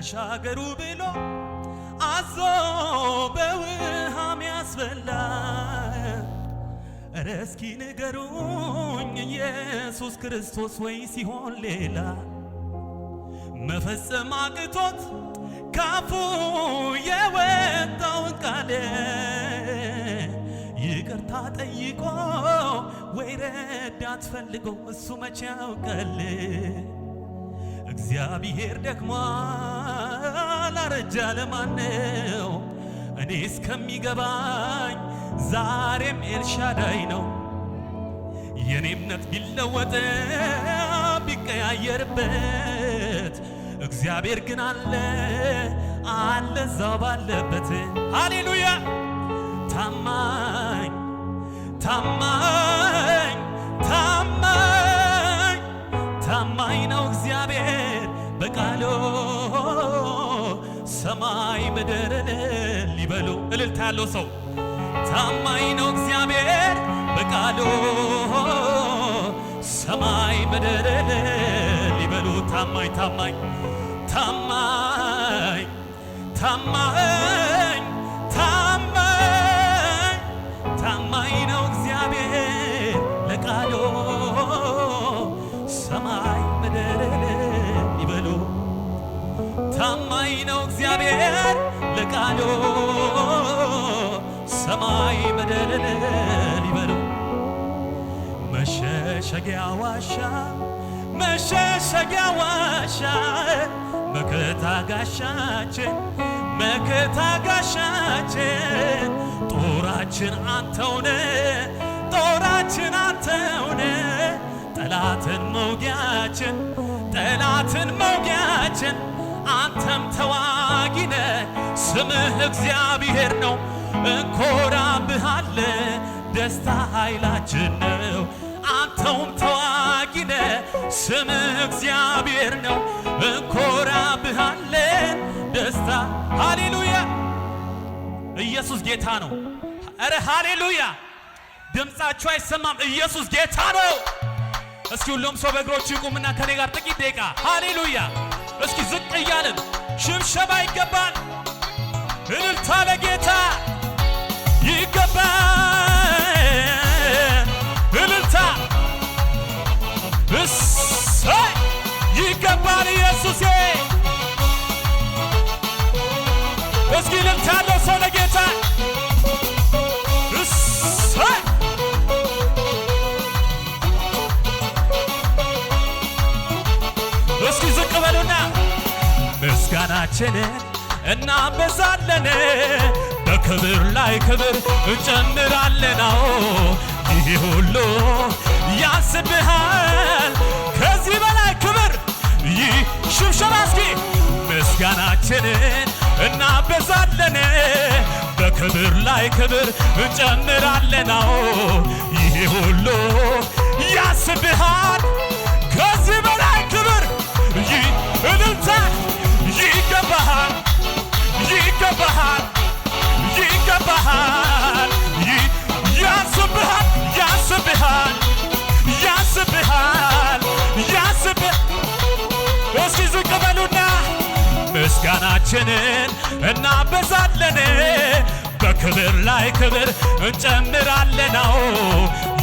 ተሻገሩ ብሎ አዞ በውሃም ያስበላ እረ እስኪ ንገሩኝ ኢየሱስ ክርስቶስ ወይ ሲሆን ሌላ መፈጸም አቅቶት ካፉ የወጣውን ቃል ይቅርታ ጠይቆ ወይ ረዳት ፈልጎ እሱ መቼ ያውቃል። እግዚአብሔር ደክሟል አረጀ ለማነው? እኔ እስከሚገባኝ ዛሬም ኤልሻዳይ ነው። የኔ እምነት ቢለወጥ ቢቀያየርበት እግዚአብሔር ግን አለ አለ እዛው ባለበት። ሃሌሉያ ታማኝ ታማኝ በቃሉ ሰማይ ምድርን ሊበሉ እልልታ ያለው ሰው ታማኝ ነው እግዚአብሔር በቃሎ ሰማይ ምድርን ሊበሉ ታማኝ ታማኝ ታማኝ ታማኝ ታማኝ ነው እግዚአብሔር ለቃሉ ሰማይ ምድርን ሊበሉ መሸሸጊያ ዋሻ መሸሸጊያ ዋሻ መከታ ጋሻችን መከታ ጋሻችን ጦራችን አንተውነ ጦራችን አንተውነ ጠላትን መውጊያችን ጠላትን መውጊያችን አንተም ተዋጊነ ስምህ እግዚአብሔር ነው። እንኮራብሃለ ደስታ ኃይላችን ነው። አንተውም ተዋጊነ ስምህ እግዚአብሔር ነው። እንኮራብሃለ ደስታ ሃሌሉያ። ኢየሱስ ጌታ ነው። ኧረ ሃሌሉያ። ድምፃችሁ አይሰማም። ኢየሱስ ጌታ ነው። እስኪ ሁሉም ሰው በእግሮቹ ይቁምና ከኔ ጋር ጥቂት ደቂቃ ሃሌሉያ እስኪ ዝቅ እያልን ሽብሸባ ይገባል፣ እልልታ ለጌታ ይገባል። እስኪ ዝቅ በሉና ምስጋናችንን እናበዛለን፣ በክብር ላይ ክብር እንጨምራለን። አዎ ይህ ሁሉ ያስብሃል፣ ከዚህ በላይ ክብር ይህ ሽብሸባ እስኪ ምስጋናችንን እናበዛለን፣ በክብር ላይ ክብር እንጨምራለን። አዎ ይህ ሁሉ ያስብሃል፣ ከዚህ በላይ ይገባሃል፣ ይገባሃል፣ ይገባሃል፣ ይገባሃል፣ ያስብሃል፣ ያስብሃል፣ ያስብሃል፣ ያስብህ እስኪ ዝቅ በሉና ምስጋናችንን እናበዛለን፣ በክብር ላይ ክብር እንጨምራለናው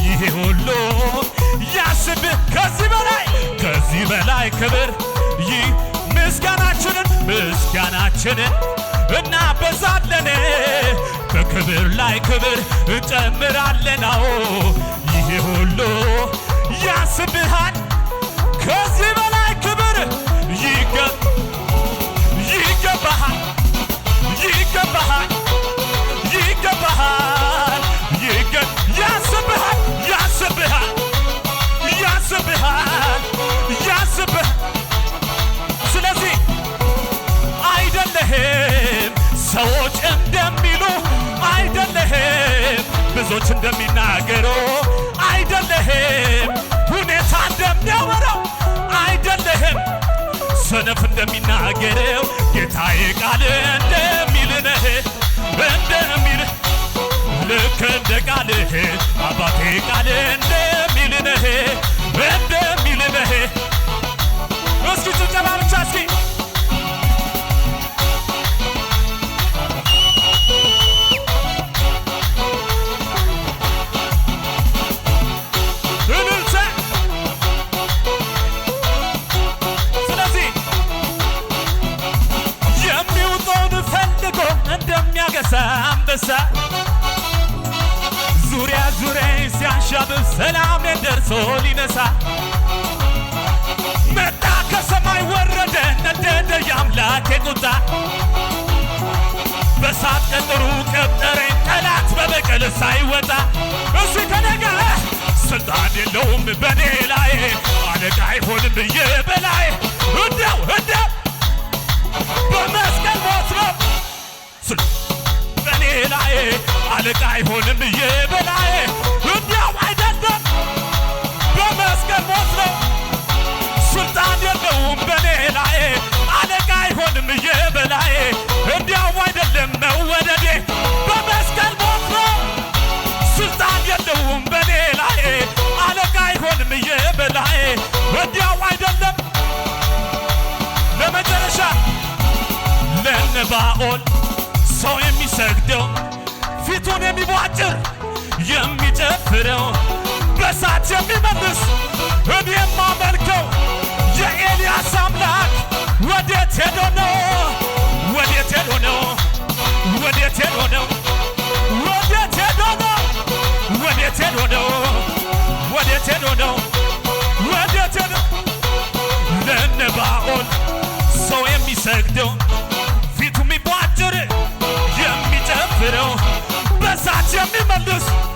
ይሄ ሁሉ ያስብህ ከዚህ በላይ ከዚህ በላይ ክብር ይህ ምስጋናችንን ምስጋናችንን እናበዛለን በክብር ላይ ክብር እጨምራለናው ይሄ ሁሉ ያስብሃል ከዚህ በላይ ክብር ይገባሃል ይገባሃል ሰነፍ እንደሚናገረው ጌታዬ ቃል እንደሚልነህ እንደሚል ልክ እንደ ቃልህ አባቴ ቃል እንደሚልነህ ሲያገሳ አንበሳ ዙሪያ ዙሪያ ሲያሻብብ ሰላም ደርሶ ሊነሳ መጣ ከሰማይ ወረደ ነደደ የአምላኬ ቁጣ በሳት ቀጥሩ ቀጠረኝ ጠላት በበቀል ሳይወጣ እሱ ተነጋ ስልጣን የለውም በኔ ላይ አለቃ አይሆንም ብዬ በላይ እንደው እንደው በመስቀል ሞት ነው ሌላዬ አለቃ አይሆንም ብዬ የሚቧጭር የሚጨፍረው በሳት የሚመልስ እኔ የማመልከው የኤልያስ አምላክ ወዴት ሄዶ ነው? ወዴት ሄዶ ነው? ወዴት ሄዶ ነው? ወዴት ሄዶ ነው? ወዴት ሄዶ ነው? ወዴት ሄዶ ነው? ወዴት ሄዶ ለነባኦል ሰው የሚሰግደው remember this.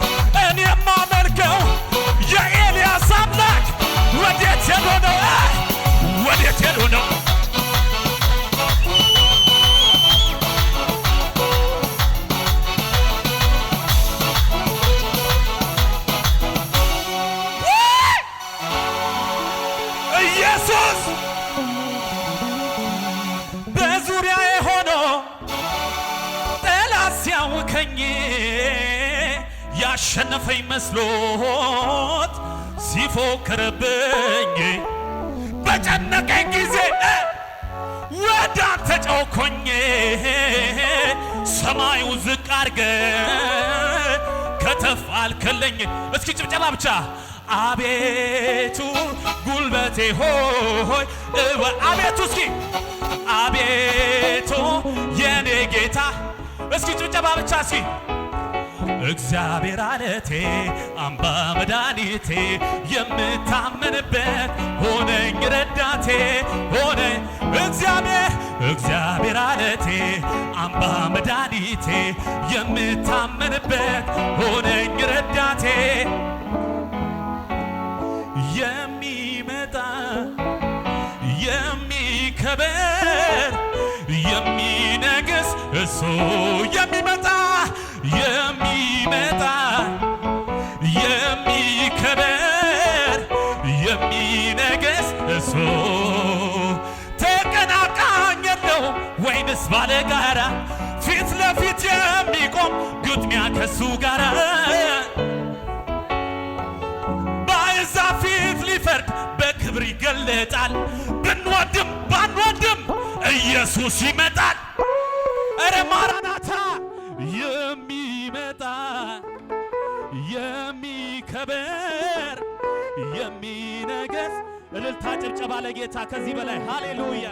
አያውከኝ ያሸነፈኝ መስሎት ሲፎክርብኝ በጨነቀኝ ጊዜ ወደ አንተ ሰማዩ ዝቅ አርገ ከተፍ አልከለኝ። እስኪ ጭብጨባ ብቻ አቤቱ ጉልበቴ ሆይ አቤቱ እስኪ አቤቱ የኔ ጌታ እስኪ ጭብጨባ ብቻ ሲ እግዚአብሔር አለቴ አምባ መድኃኒቴ የምታመንበት ሆነኝ ረዳቴ ሆነ እግዚአብሔር እግዚአብሔር አለቴ አምባ መድኃኒቴ የምታመንበት ሆነኝ ረዳቴ የሚመጣ የሚከበር የሚነግስ እሱ እርሱ ተቀናቃኝ የለው ወይንስ ባለጋራ ፊት ለፊት የሚቆም ግጥሚያ ከሱ ጋር ባይዛ ፊት ሊፈርድ በክብር ይገለጣል። ብንወድም ባንወድም ኢየሱስ ይመጣል። እረ ማራናታ የሚመጣ የሚከበ እልልታ ጭብጨባ ለጌታ ከዚህ በላይ ሃሌሉያ